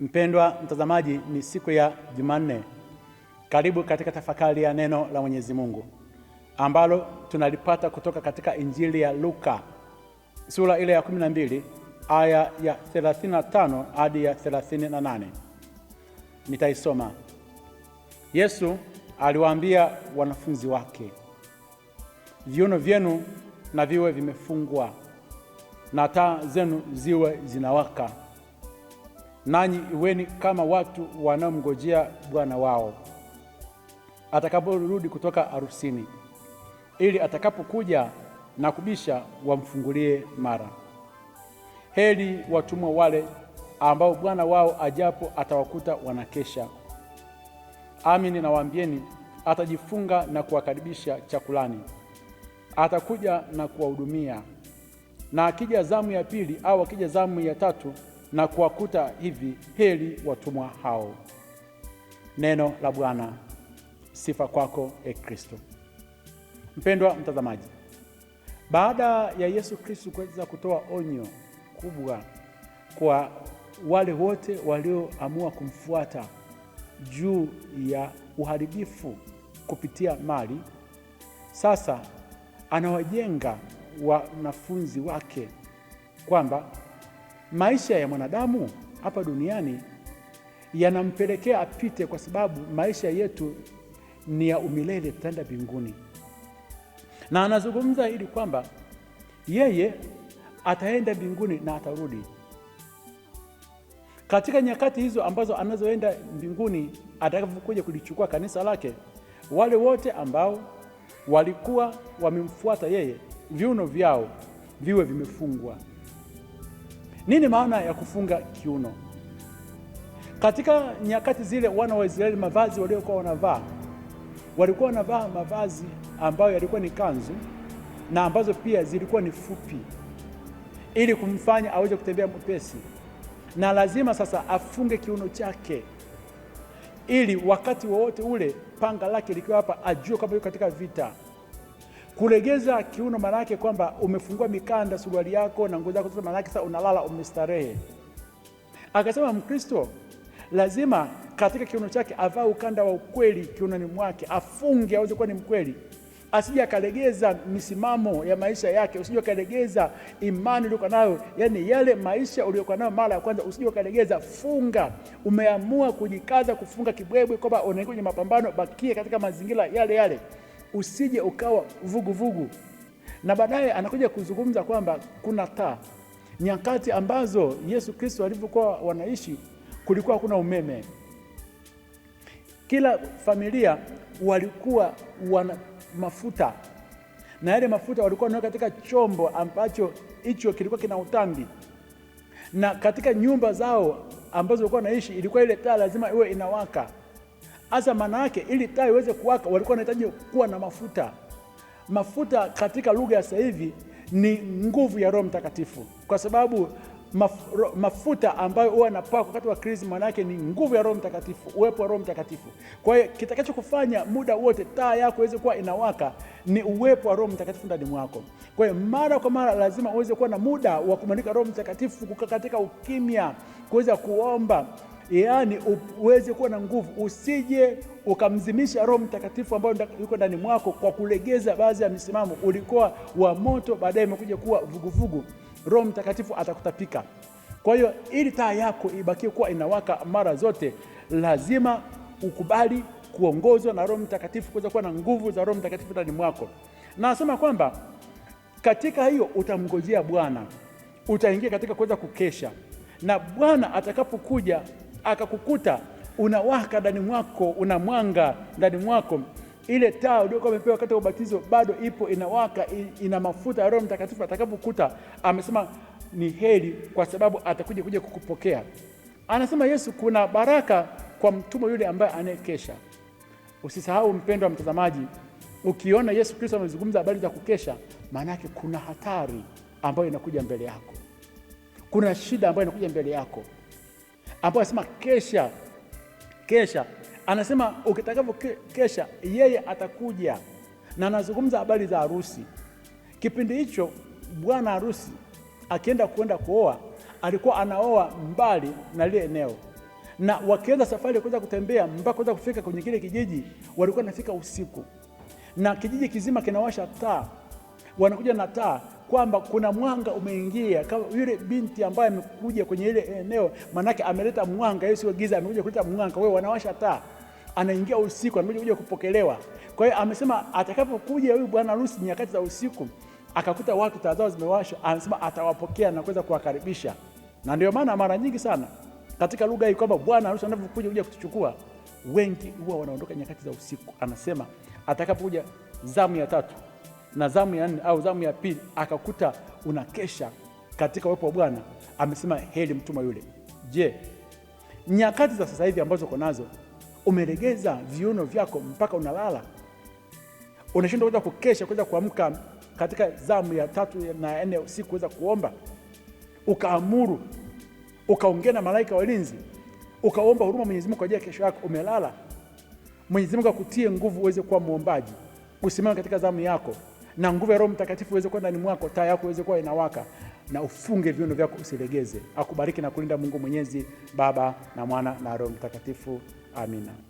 Mpendwa mtazamaji, ni siku ya Jumanne. Karibu katika tafakari ya neno la Mwenyezi Mungu ambalo tunalipata kutoka katika Injili ya Luka sura ile ya 12 aya ya 35 hadi ya 38. Nitaisoma. Yesu aliwaambia wanafunzi wake, viuno vyenu na viwe vimefungwa na taa zenu ziwe zinawaka nanyi iweni kama watu wanaomngojea bwana wao atakaporudi kutoka harusini, ili atakapokuja na kubisha wamfungulie mara. heli watumwa wale ambao bwana wao ajapo atawakuta wanakesha. Amini nawaambieni, atajifunga na kuwakaribisha chakulani, atakuja na kuwahudumia. Na akija zamu ya pili au akija zamu ya tatu na kuwakuta hivi, heri watumwa hao. Neno la Bwana. Sifa kwako e Kristo. Mpendwa mtazamaji, baada ya Yesu Kristo kuweza kutoa onyo kubwa kwa wale wote walioamua kumfuata juu ya uharibifu kupitia mali, sasa anawajenga wanafunzi wake kwamba maisha ya mwanadamu hapa duniani yanampelekea apite, kwa sababu maisha yetu ni ya umilele, tutaenda mbinguni. Na anazungumza ili kwamba yeye ataenda mbinguni na atarudi katika nyakati hizo ambazo anazoenda mbinguni, atakapokuja kulichukua kanisa lake, wale wote ambao walikuwa wamemfuata yeye, viuno vyao viwe vimefungwa nini maana ya kufunga kiuno? Katika nyakati zile wana wa Israeli mavazi waliokuwa wanavaa walikuwa wanavaa mavazi ambayo yalikuwa ni kanzu na ambazo pia zilikuwa ni fupi, ili kumfanya aweze kutembea mpesi, na lazima sasa afunge kiuno chake, ili wakati wowote ule panga lake likiwa hapa, ajue kwamba yuko katika vita. Kulegeza kiuno maanake kwamba umefungua mikanda suruali yako na nguo zako zote, maanake sasa unalala umestarehe. Akasema Mkristo lazima katika kiuno chake avaa ukanda wa ukweli kiunoni mwake, afunge aweze kuwa ni mkweli, asije akalegeza misimamo ya maisha yake, usije akalegeza imani uliyokuwa nayo, yani yale maisha uliyokuwa nayo mara ya kwanza, usije ukalegeza. Funga, umeamua kujikaza kufunga kibwebwe, kwamba unaingia kwenye mapambano, bakie katika mazingira yale yale usije ukawa vuguvugu vugu. Na baadaye anakuja kuzungumza kwamba kuna taa nyakati ambazo Yesu Kristo alivyokuwa wanaishi kulikuwa kuna umeme. Kila familia walikuwa wana mafuta na yale mafuta walikuwa wanaweka katika chombo ambacho hicho kilikuwa kina utambi, na katika nyumba zao ambazo walikuwa wanaishi ilikuwa ile taa lazima iwe inawaka. Hasa maana yake ili taa iweze kuwaka, walikuwa wanahitaji kuwa na mafuta. Mafuta katika lugha ya sasa hivi ni nguvu ya Roho Mtakatifu, kwa sababu maf mafuta ambayo huwa anapakwa wakati wa maana yake ni nguvu ya Roho Mtakatifu, uwepo wa Roho Mtakatifu. Kwa hiyo kitakacho kufanya muda wote taa yako iweze kuwa inawaka ni uwepo wa Roho Mtakatifu ndani mwako. Kwa hiyo mara kwa mara lazima uweze kuwa na muda wa kumandika Roho Mtakatifu, kukaa katika ukimya, kuweza kuomba yaani uweze kuwa na nguvu, usije ukamzimisha Roho Mtakatifu ambayo yuko ndani mwako kwa kulegeza baadhi ya misimamo. Ulikuwa wa moto, baadaye imekuja kuwa vuguvugu. Roho Mtakatifu atakutapika. Kwa hiyo ili taa yako ibakie kuwa inawaka mara zote, lazima ukubali kuongozwa na Roho Mtakatifu, kuweza kuwa na nguvu za Roho Mtakatifu ndani mwako. Na asema kwamba katika hiyo utamngojea Bwana, utaingia katika kuweza kukesha, na Bwana atakapokuja akakukuta unawaka ndani mwako, una mwanga ndani mwako, ile taa uliokuwa umepewa wakati wa ubatizo bado ipo inawaka, ina mafuta ya Roho Mtakatifu. Atakapokuta amesema ni heri, kwa sababu atakuja kuja kukupokea. Anasema Yesu, kuna baraka kwa mtumwa yule ambaye anayekesha. Usisahau mpendo wa mtazamaji, ukiona Yesu Kristo amezungumza habari za kukesha, maana yake kuna hatari ambayo inakuja mbele yako, kuna shida ambayo inakuja mbele yako ambayo anasema kesha, kesha. Anasema ukitakavyo kesha, yeye atakuja, na anazungumza habari za harusi. Kipindi hicho bwana harusi akienda kwenda kuoa alikuwa anaoa mbali na lile eneo, na wakianza safari ya kuweza kutembea mpaka kuweza kufika kwenye kile kijiji, walikuwa nafika usiku na kijiji kizima kinawasha taa, wanakuja na taa kwamba kuna mwanga umeingia, kama yule binti ambaye amekuja kwenye ile eneo, manake ameleta mwanga. Yeye sio giza, amekuja kuleta mwanga. Wewe wanawasha taa, anaingia usiku, amekuja kuja kupokelewa. Kwa hiyo amesema atakapokuja huyu bwana harusi nyakati za usiku, akakuta watu taa zao zimewashwa, anasema atawapokea na kuweza kuwakaribisha. Na ndio maana mara nyingi sana katika lugha hii kwamba bwana harusi anapokuja kuja kutuchukua, wengi huwa wanaondoka nyakati za usiku. Anasema atakapokuja zamu ya tatu na zamu ya nne au zamu ya pili akakuta unakesha katika uwepo wa Bwana, amesema heri mtumwa yule. Je, nyakati za sasa hivi ambazo uko nazo, umelegeza viuno vyako mpaka unalala, unashindwa kuweza kukesha, kuweza kuamka katika zamu ya tatu na ya nne usiku kuweza kuomba, ukaamuru, ukaongea na malaika walinzi, ukaomba huruma Mwenyezi Mungu kwa ajili ya kesho yako, umelala. Mwenyezi Mungu akutie nguvu uweze kuwa mwombaji, usimame katika zamu yako na nguvu ya Roho Mtakatifu iweze kuwa ndani mwako, taa yako iweze kuwa inawaka, na ufunge viuno vyako usilegeze. Akubariki na kulinda Mungu Mwenyezi, Baba na Mwana na Roho Mtakatifu. Amina.